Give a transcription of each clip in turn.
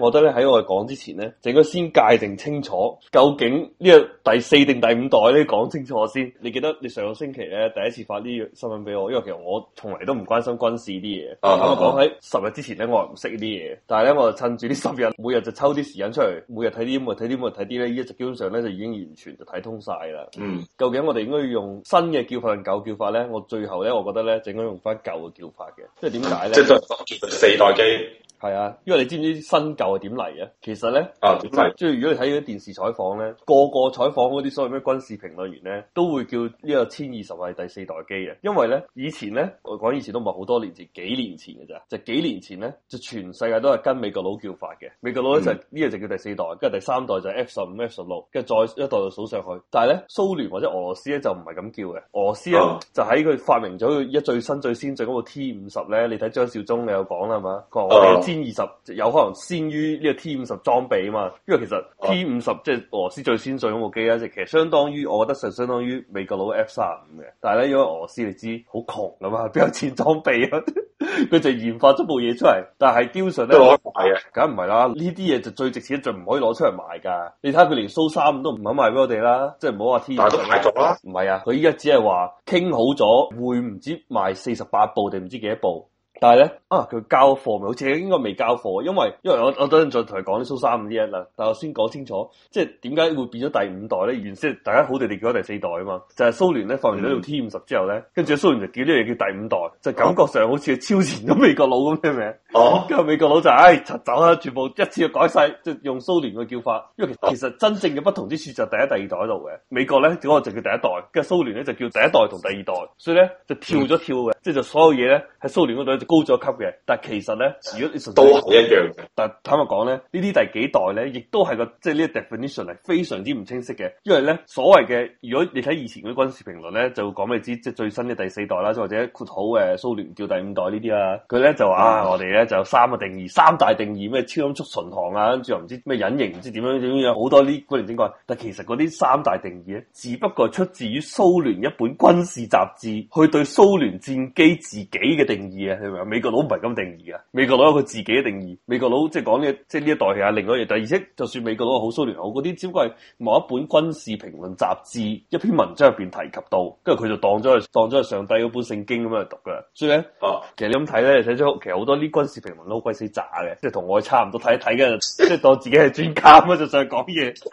我覺得咧，喺我講之前咧，就應該先界定清楚，究竟呢個第四定第五代咧講清楚先。你記得你上個星期咧第一次發啲新聞俾我，因為其實我從嚟都唔關心軍事啲嘢。咁、啊啊、我講喺十日之前咧，我唔識呢啲嘢，但係咧我就趁住呢十日，每日就抽啲時間出嚟，每日睇啲乜睇啲乜睇啲咧，依一，基本上咧就已經完全就睇通晒啦。嗯，究竟我哋應該要用新嘅叫法定舊叫法咧？我最後咧，我覺得咧，應該用翻舊嘅叫法嘅。即係點解咧？即係都係四代機。係啊，因為你知唔知新舊係點嚟啊？其實咧，啊，即係，如果你睇啲電視採訪咧，個個採訪嗰啲所謂咩軍事評論員咧，都會叫呢個殲二十係第四代機嘅。因為咧，以前咧，我講以前都唔係好多年前，幾年前嘅咋？就幾年前咧，就全世界都係跟美國佬叫法嘅。美國佬咧就呢、嗯、個就叫第四代，跟住第三代就 F 十五、F 十六，跟住再一代就數上去。但係咧，蘇聯或者俄羅斯咧就唔係咁叫嘅。俄羅斯咧、啊、就喺佢發明咗一最，最新最先進嗰個 T 五十咧。你睇張召忠你有講啦，係嘛、啊？啊 T 二十有可能先於呢個 T 五十裝備啊嘛，因為其實 T 五十、啊、即係俄羅斯最先進嗰部機咧，即其實相當於我覺得就相當於美國佬 F 三十五嘅，但係咧因為俄羅斯你知好窮啊嘛，邊有錢裝備啊？佢 就研發咗部嘢出嚟，但係梟雄咧，梗唔係啦，呢啲嘢就最值錢，就唔可以攞出嚟賣噶。你睇下，佢連蘇、SO、三五都唔肯賣俾我哋啦，即係唔好話 T 五十啦，唔係啊，佢依家只係話傾好咗，會唔知賣四十八部定唔知幾多部？但係咧，啊佢交貨咪好似應該未交貨，因為因為我我等陣再同佢講啲蘇三五 D 一啦。但係我先講清楚，即係點解會變咗第五代咧？原先大家好地地叫咗第四代啊嘛，就係蘇聯咧放完呢套 T 五十之後咧，跟住蘇聯就叫呢樣叫第五代，就感覺上好似超前咁美國佬咁嘅名。哦、啊，跟住美國佬就唉、哎，走啦、啊，全部一次又改晒，即係用蘇聯嘅叫法。因為其實真正嘅不同之處就第一、第二代喺度嘅。美國咧只可就叫第一代，跟住蘇聯咧就叫第一代同第，第二代，所以咧就跳咗跳嘅，即係、嗯、就所有嘢咧喺蘇聯嗰度就。高咗級嘅，但其實咧，如果你都係一樣嘅。但坦白講咧，呢啲第幾代咧，亦都係個即係呢個 definition 係非常之唔清晰嘅。因為咧，所謂嘅如果你睇以前嗰啲軍事評論咧，就會講俾你知即係最新嘅第四代啦，或者括號誒蘇聯叫第五代呢啲啊，佢咧就話啊，我哋咧就有三個定義，三大定義咩超音速巡航啊，跟住又唔知咩隱形唔知點樣點樣好多啲古靈精怪。但其實嗰啲三大定義咧，只不過出自於蘇聯一本軍事雜誌去對蘇聯戰機自己嘅定義啊，係咪？美國佬唔係咁定義嘅，美國佬有佢自己嘅定義。美國佬即係講呢，即係呢一代係另外嘢。但係而且，就算美國佬好蘇聯好嗰啲，只不過係某一本軍事評論雜誌一篇文章入邊提及到，跟住佢就當咗去當咗係上帝嗰本聖經咁樣去讀噶。所以咧，哦、啊，其實你咁睇咧，睇咗，其實好多啲軍事評論都好鬼死渣嘅，即係同我哋差唔多睇一睇嘅，即係當自己係專家咁就上去講嘢。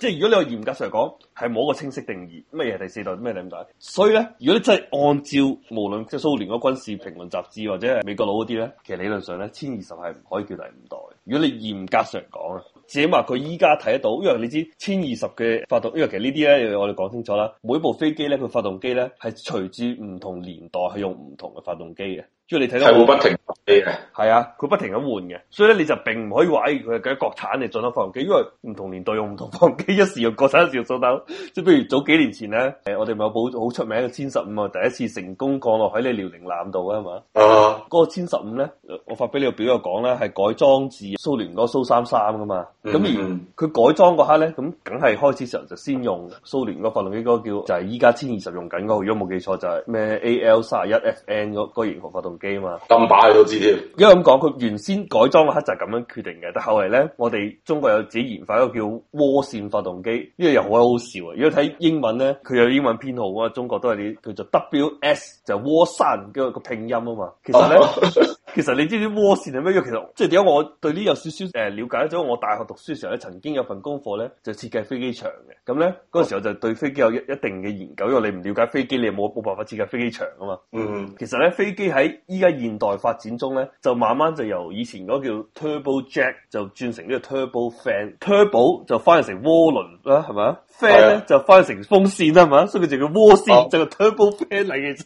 即係如果你話嚴格上嚟講，係冇一個清晰定義咩係第四代，咩係第五代。所以咧，如果你真係按照無論即係蘇聯嗰個軍事評論雜誌或者美國佬嗰啲咧，其實理論上咧，殲二十係唔可以叫第五代。如果你嚴格上講啊，只係話佢依家睇得到，因為你知殲二十嘅發動，因為其實呢啲咧，我哋講清楚啦。每部飛機咧，佢發動機咧係隨住唔同年代係用唔同嘅發動機嘅。即係你睇到係會不停嘅，係啊，佢不停咁換嘅，所以咧你就並唔可以話誒佢而家國產嚟進口發動機，因為唔同年代用唔同發動機，一時用國產一時用蘇打。即係譬如早幾年前咧，誒我哋咪有部好出名嘅殲十五啊，1, 第一次成功降落喺你遼寧艦度啊嘛。嗰個殲十五咧，我發俾你個表又講咧，係改裝自蘇聯個蘇三三噶嘛。咁、嗯、哼而佢改裝嗰刻咧，咁梗係開始時候就先用蘇聯個發動機，嗰個叫就係依家殲二十用緊嗰個，如果冇記錯就係咩 A L 三十一 F N 嗰個型號發動機。機嘛，金巴都知添。因為咁講，佢原先改裝嘅刻就係咁樣決定嘅。但後嚟咧，我哋中國有自己研發一個叫渦扇發動機，呢個又好好笑啊。如果睇英文咧，佢有英文編號啊，中國都係啲叫做 WS，就係渦扇，因為個拼音啊嘛。其實咧，其實你知唔知渦扇係咩？其實即係點解我對呢有少少誒了解？因為我大學讀書時候咧，曾經有份功課咧就設計飛機場嘅。咁咧嗰陣時候就對飛機有一一定嘅研究，因為你唔了解飛機，你冇冇辦法設計飛機場啊嘛。嗯，其實咧飛機喺。依家現，現代發展中咧，就慢慢就由以前嗰個叫 turbo jack 就轉成呢個 turbo fan，turbo 就翻譯成渦輪啦，係咪啊？fan 咧的就翻譯成風扇啦，係咪啊？所以佢就叫渦扇、oh.，就係 turbo fan 嚟嘅。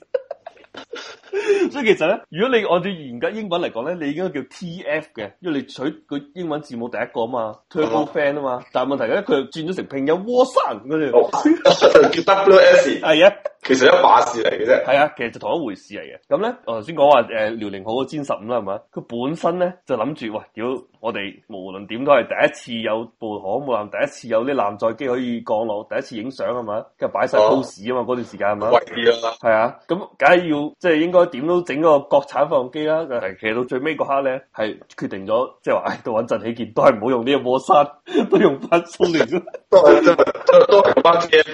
所以其實咧，如果你按照嚴格英文嚟講咧，你應該叫 T F 嘅，因為你取佢英文字母第一個啊嘛，turbo 的 fan 啊嘛。但係問題咧，佢又轉咗成拼音渦扇嗰啲，記得叫 W S 啊、oh. 其實一把事嚟嘅啫，係啊，其實就同一回事嚟嘅。咁咧，我頭先講話誒，遼、呃、寧號嘅殲十五啦，係嘛，佢本身咧就諗住，喂，要我哋無論點都係第一次有部航母艦，第一次有啲艦載機可以降落，第一次影相係嘛，跟住擺晒 pose 啊嘛，嗰段時間，係嘛，係啊，咁梗係要，即、就、係、是、應該點都整個國產發動機啦。其實到最尾嗰刻咧，係決定咗，即係話到穩陣起見，都係唔好用呢個波山，都用翻蘇聯，都係 都都係翻蘇聯，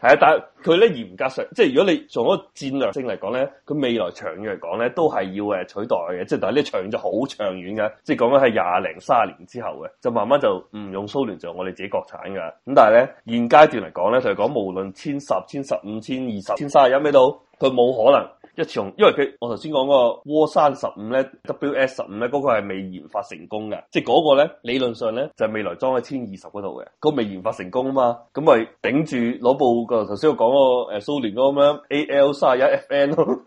係但。但佢咧嚴格上，即係如果你從嗰個戰略性嚟講咧，佢未來長遠嚟講咧，都係要誒取代嘅。即係但係呢長遠就好長遠嘅，即係講緊係廿零三十年之後嘅，就慢慢就唔用蘇聯做我哋自己國產嘅。咁但係咧，現階段嚟講咧，就係講無論千十、千十五、千二十、千三十，有咩都，佢冇可能。一因為佢我頭先講個渦扇十五咧，WS 十五咧，嗰個係未研發成功嘅，即係嗰個咧理論上咧就是、未來裝喺殲二十嗰度嘅，嗰、嗰個、未研發成功啊嘛，咁咪頂住攞部個頭先我講個誒蘇聯嗰個咩 AL 三十一 FN，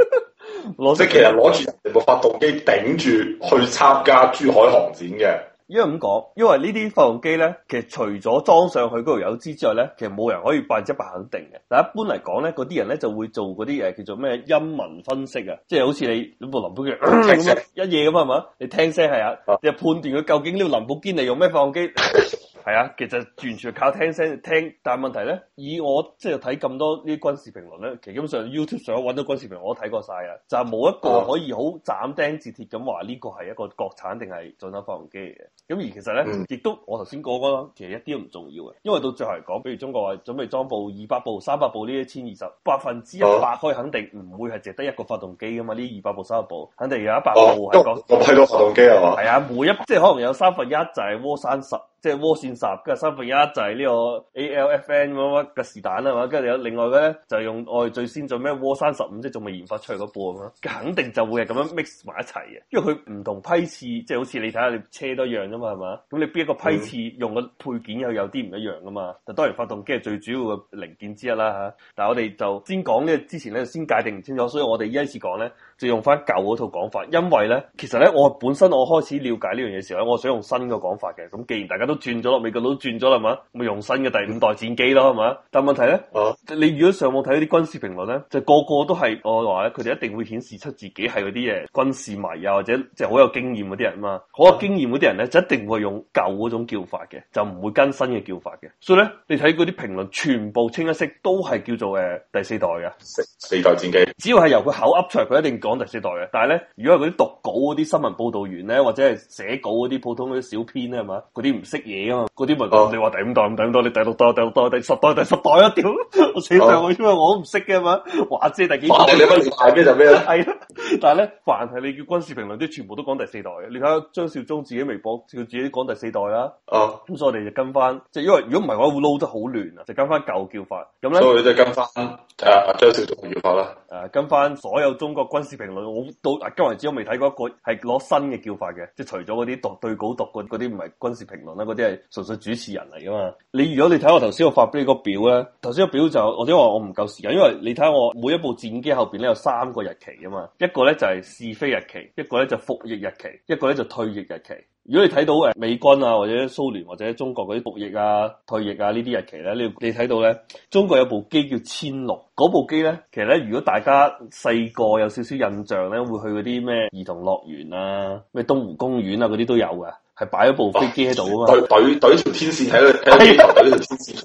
即其實攞住部發動機頂住去參加珠海航展嘅。因為咁講，因為呢啲發動機咧，其實除咗裝上去嗰條有枝之外咧，其實冇人可以百分之百肯定嘅。但一般嚟講咧，嗰啲人咧就會做嗰啲誒叫做咩音紋分析啊，即係好似你嗰部林寶堅，一夜咁係嘛？你聽聲係啊，你就判斷佢究竟呢個林寶堅係用咩發動機。 係啊，其實完全靠聽聲聽，但係問題咧，以我即係睇咁多呢啲軍事評論咧，其實基本上 YouTube 上揾到軍事評論，我睇過晒啊，就冇、係、一個可以好斬釘截鐵咁話呢個係一個國產定係進口發動機嘅。咁而其實咧，亦都我頭先講過啦，其實一啲都唔重要嘅。因為到最後嚟講，比如中國話準備裝部二百部、三百部呢一千二十百分之一百，可以肯定唔會係值得一個發動機噶嘛。呢二百部、三百部，肯定有一百部係個係個、啊、發動機係嘛。係啊，每一即係可能有三分一就係渦扇十。即係渦扇十，跟住三分一就係呢個 ALFN 乜乜嘅是但啦，係嘛？跟住有另外嘅咧，就是、用我哋最先做咩渦扇十五，即仲未研發出嚟嗰部，肯定就會係咁樣 mix 埋一齊嘅，因為佢唔同批次，即係好似你睇下你車都一樣啫嘛，係嘛？咁你邊一個批次用嘅配件又有啲唔一樣噶嘛？就、嗯、當然發動機係最主要嘅零件之一啦嚇，但係我哋就先講呢，之前咧先界定唔清楚，所以我哋依一次講咧。用翻舊嗰套講法，因為咧，其實咧，我本身我開始了解呢樣嘢時候咧，我想用新嘅講法嘅。咁既然大家都轉咗，美國佬轉咗啦嘛，咪用新嘅第五代戰機咯，係嘛？但問題咧，啊、你如果上網睇啲軍事評論咧，就個個都係我話咧，佢哋一定會顯示出自己係嗰啲嘢軍事迷啊，或者即係好有經驗嗰啲人嘛。好、那、有、個、經驗嗰啲人咧，就一定會用舊嗰種叫法嘅，就唔會跟新嘅叫法嘅。所以咧，你睇嗰啲評論，全部清一色都係叫做誒、呃、第四代嘅四，四代戰機。只要係由佢口噏出嚟，佢一定講，講第四代嘅，但係咧，如果係嗰啲讀稿嗰啲新聞報道員咧，或者係寫稿嗰啲普通嗰啲小編咧，係嘛？嗰啲唔識嘢，啊嘛，嗰啲咪講你話第五代，唔頂到，你第六代，第六代，第十代，第十代啊，屌！我死晒我，因為我唔識嘅嘛，話知第幾代？你乜年代咩就咩啦，係啦。但係咧，凡係你叫軍事評論，都全部都講第四代嘅。你睇下張紹忠自己微博，叫自己講第四代啦。哦，咁所以我哋就跟翻，即係因為如果唔係嘅話，會撈得好亂啊。就跟翻舊叫法咁咧，所以即係跟翻阿阿張紹忠嘅叫法啦。誒，跟翻所有中國軍事、評論我到今日之我未睇過一個係攞新嘅叫法嘅，即係除咗嗰啲讀對稿讀嗰啲唔係軍事評論啦，嗰啲係純粹主持人嚟噶嘛。你如果你睇我頭先我發俾你個表咧，頭先個表就我話我唔夠時間，因為你睇下我每一部戰機後邊咧有三個日期噶嘛，一個咧就係試飛日期，一個咧就服役日期，一個咧就退役日期。如果你睇到誒美軍啊或者蘇聯或者中國嗰啲服役啊，退役啊呢啲日期咧，你你睇到咧，中國有部機叫殲六，嗰部機咧，其實咧如果大家細個有少少印象咧，會去嗰啲咩兒童樂園啊、咩東湖公園啊嗰啲都有噶，係擺咗部飛機喺度啊嘛，懟懟條天線喺度，懟條天線，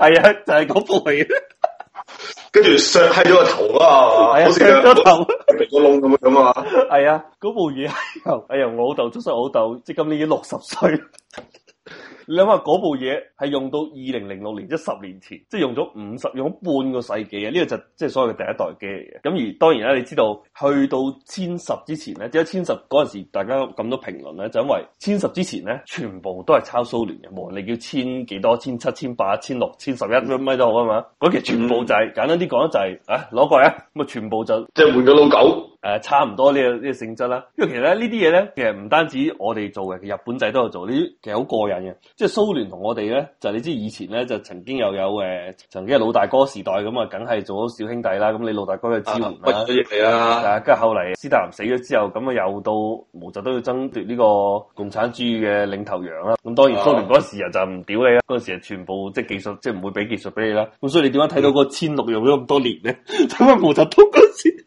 係啊， 哎、就係嗰部嚟。 跟住削低咗個頭啊，係好似個頭鼻哥窿咁樣咁啊，係了 啊，嗰、啊、部嘢係，哎呀、哎、我老豆，忠我老豆，即係今年已經六十歲。 你諗下嗰部嘢係用到二零零六年，即十年前，即係用咗五十用咗半個世紀啊！呢、這個就即係所謂嘅第一代機嚟嘅。咁而當然啦，你知道去到殲十之前咧，即係殲十嗰陣時，大家咁多評論咧，就因為殲十之前咧，全部都係抄蘇聯嘅，無論你叫殲幾多、殲七、殲八、殲六、殲十一咁樣，咪都、嗯、好啊嘛。嗰期全部就係、是嗯、簡單啲講就係、是、啊，攞過嚟啊，咁啊，全部就是、即係換咗老狗。誒，差唔多呢個呢個性質啦，因為其實咧，呢啲嘢咧，其實唔單止我哋做嘅，其實日本仔都有做呢啲，其實好過癮嘅。即係蘇聯同我哋咧，就你知以前咧就曾經又有誒，曾經係老大哥時代咁啊，梗係做咗小兄弟啦。咁你老大哥嘅支援啦，但係跟住後嚟，斯大林死咗之後，咁啊又到毛澤東要爭奪呢個共產主義嘅領頭羊啦。咁當然蘇聯嗰時又就唔屌你啦，嗰時啊全部即係技術即係唔會俾技術俾你啦。咁所以你點樣睇到個千六用咗咁多年咧？睇 翻毛澤東嗰時。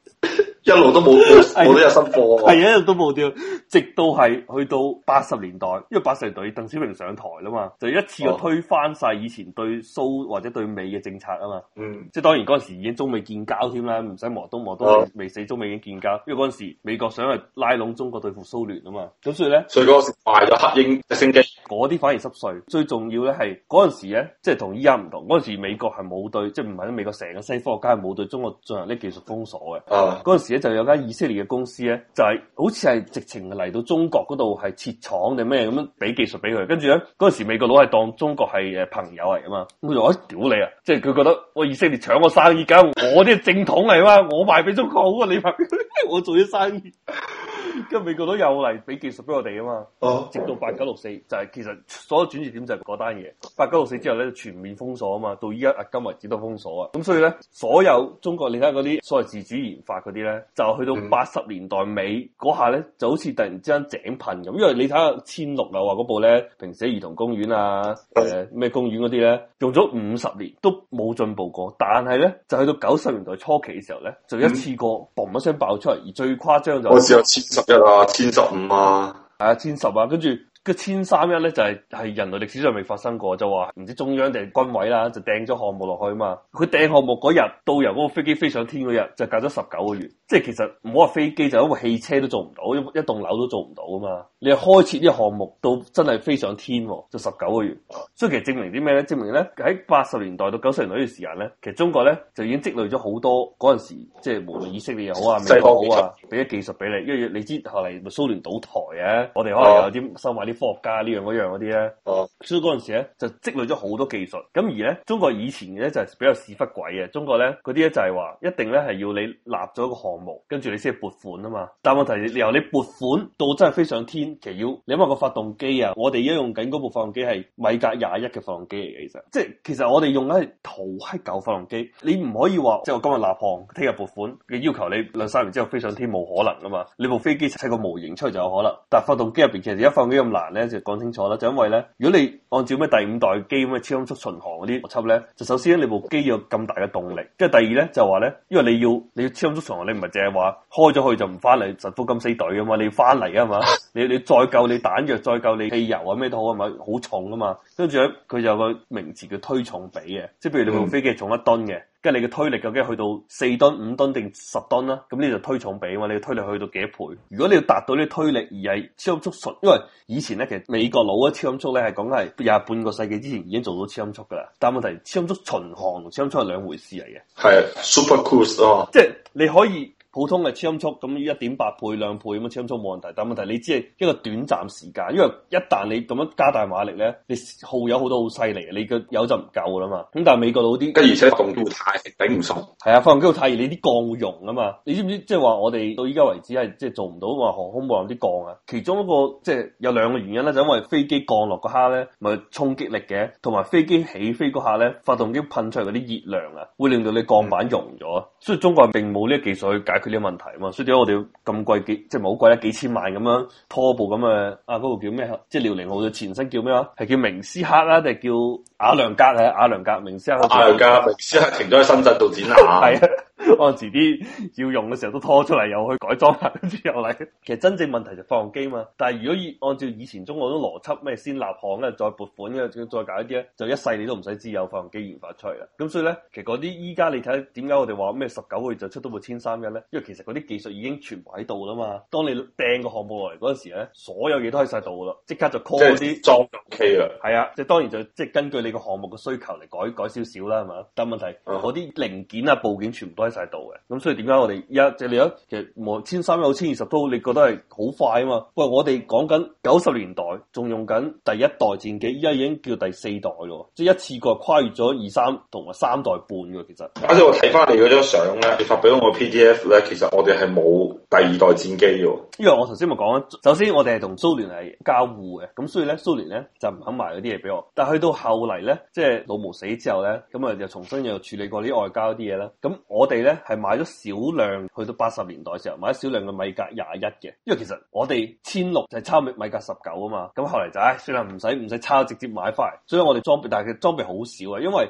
一路都冇冇都有新貨，係一路都冇掉，直到係去到八十年代，因為八十年代鄧小平上台啦嘛，就一次就推翻晒以前對蘇或者對美嘅政策啊嘛，嗯，嗯，即係當然嗰陣時已經中美建交添啦，唔使磨刀磨刀，未死中美已經建交，啊、因為嗰陣時美國想係拉攏中國對付蘇聯啊嘛，咁所以咧，所以嗰陣時賣咗黑鷹直升機嗰啲反而濕碎，最重要咧係嗰陣時咧，即係同依家唔同，嗰陣時美國係冇對，即係唔係咧，美國成個西科學家係冇對中國進行啲技術封鎖嘅，陣、啊、時就有間以色列嘅公司咧，就係好似係直情嚟到中國嗰度係設廠定咩咁樣，俾技術俾佢。跟住咧嗰陣時，美國佬係當中國係誒朋友嚟啊嘛。我話屌你啊！即係佢覺得我以色列搶我生意，咁我啲正統嚟嘛，我賣俾中國好啊，你賣俾我做啲生意。 跟美國都有嚟俾技術俾我哋啊嘛，嗯、直到八九六四就係其實所有轉折點就係嗰單嘢。八九六四之後咧，全面封鎖啊嘛，到依家啊今為止都封鎖啊。咁所以咧，所有中國你睇嗰啲所謂自主研發嗰啲咧，就去到八十年代尾嗰、嗯、下咧，就好似突然之間井噴咁。因為你睇下千六啊話嗰部咧，平時喺兒童公園啊，誒、呃、咩公園嗰啲咧，用咗五十年都冇進步過，但係咧就去到九十年代初期嘅時候咧，就一次過嘣、嗯、一聲爆出嚟，而最誇張就只一啊，殲十五啊，係啊，殲十啊，跟住個殲三一咧就係、是、係人類歷史上未發生過就話，唔知中央定係軍委啦，就掟咗項目落去啊嘛，佢掟項目嗰日到由嗰個飛機飛上天嗰日，就隔咗十九個月，即係其實唔好話飛機，就因、是、為汽車都做唔到，一一棟樓都做唔到啊嘛。你開設啲項目到真係飛上天啊，就十九個月。所以其實證明啲咩咧？證明咧喺八十年代到九十年代呢段時間咧，其實中國咧就已經積累咗好多嗰陣時，即係無論以色列又好啊，美國好啊，俾啲技術俾你。因為你知後嚟蘇聯倒台啊，我哋可能有啲收買啲科學家呢樣嗰啲咧。哦、啊，所以嗰陣時咧就積累咗好多技術。咁而咧中國以前咧就係、是、比較屎忽鬼嘅。中國咧嗰啲咧就係話一定咧係要你立咗個項目，跟住你先係撥款啊嘛。但問題由你撥款到真係飛上天。其實要你諗下個發動機啊，我哋而家用緊嗰部發動機係米格廿一嘅發動機嚟嘅，其實即係其實我哋用緊係好閪舊發動機，你唔可以話即係我今日立項聽日撥款嘅要求，你兩三年之後飛上天冇可能噶嘛？你部飛機砌個模型出去就有可能，但係發動機入邊其實而家發動機咁難咧，就講清楚啦，就因為咧，如果你按照咩第五代機咁嘅超音速巡航嗰啲邏輯咧，就首先你部機有咁大嘅動力，跟住第二咧就話咧，因為你要你要，你要超音速巡航，你唔係淨係話開咗去就唔翻嚟，就神風敢死隊噶嘛？你要翻嚟啊嘛？你嘛你。你你你你你你你你再夠你彈藥，再夠你汽油啊，咩都好啊，咪好，好重啊嘛。跟住咧，佢有個名詞叫推重比嘅，即係譬如你部飛機重一噸嘅，跟住你嘅推力究竟去到四噸、五噸定十噸啦，咁你就推重比啊嘛，你嘅推力去到幾多倍？如果你要達到呢啲推力而係超音速，因為以前咧其實美國佬咧超音速咧係講係廿半個世紀之前已經做到超音速噶啦，但係問題超音速巡航同超音速係兩回事嚟嘅。係 Supercruise、oh. 即係你可以。普通嘅超音速，咁一點八倍、兩倍咁嘅超音速冇問題，但問題你只係一個短暫時間，因為一旦你咁樣加大馬力咧，你耗油好多好犀利，你嘅油就唔夠啦嘛。咁但係美國佬啲，跟住而且發動機太頂唔順，係啊，發動機太熱，你啲鋼會融啊嘛。你知唔知即係話我哋到依家為止係即係做唔到話航空母艦啲鋼啊？其中一個即係、就是、有兩個原因咧，就是、因為飛機降落嗰下咧咪有衝擊力嘅，同埋飛機起飛嗰下咧發動機噴出嚟嗰啲熱量啊，會令到你鋼板融咗，所以中國人並冇呢個技術去解決。呢個問題啊嘛，所以點解我哋咁貴幾，即係唔係好貴咧？幾千萬咁樣拖步咁啊。啊，嗰個叫咩？即係遼寧號嘅前身叫咩話？係叫明斯克啊，定係叫瓦良格？良格啊？瓦良格明斯克。瓦良格明斯克停咗喺深圳度展覽。係啊。按時啲要用嘅時候都拖出嚟，又去改裝下，之後嚟。其實真正問題就發動機嘛。但係如果按照以前中國啲邏輯，咩先立項，跟住再撥款，跟住再搞一啲咧，就一世你都唔使知有發動機研發出嚟啦。咁所以咧，其實嗰啲依家你睇點解我哋話咩十九個月就出到部千三嘅咧？因為其實嗰啲技術已經全部喺度啦嘛。當你掟個項目落嚟嗰陣時咧，所有嘢都喺晒度噶啦，即刻就 call 啲裝機啊。係啊，即係當然就即係、就是、根據你個項目嘅需求嚟改改少少啦，係嘛。但係問題嗰啲零件啊部件全部都喺喺度嘅，咁、嗯、所以點解我哋一即係你一其實冇千三有千二十都，你覺得係好快啊嘛？不過我哋講緊九十年代仲用緊第一代戰機，依家已經叫第四代咯，即係一次過跨越咗二三同埋三代半嘅其實。反正我睇翻你嗰張相咧，你發俾我 PDF 咧，其實我哋係冇。第二代戰機喎、哦，因為我頭先咪講啦，首先我哋係同蘇聯係交互嘅，咁所以咧蘇聯咧就唔肯賣嗰啲嘢俾我。但係去到後嚟咧，即係老毛死之後咧，咁啊又重新又處理過啲外交啲嘢啦。咁我哋咧係買咗少量，去到八十年代時候買咗少量嘅米格廿一嘅，因為其實我哋殲六就係抄米格十九啊嘛。咁後嚟就唉、哎，算啦，唔使唔使抄，直接買翻嚟。所以我哋裝備，但係佢裝備好少啊，因為。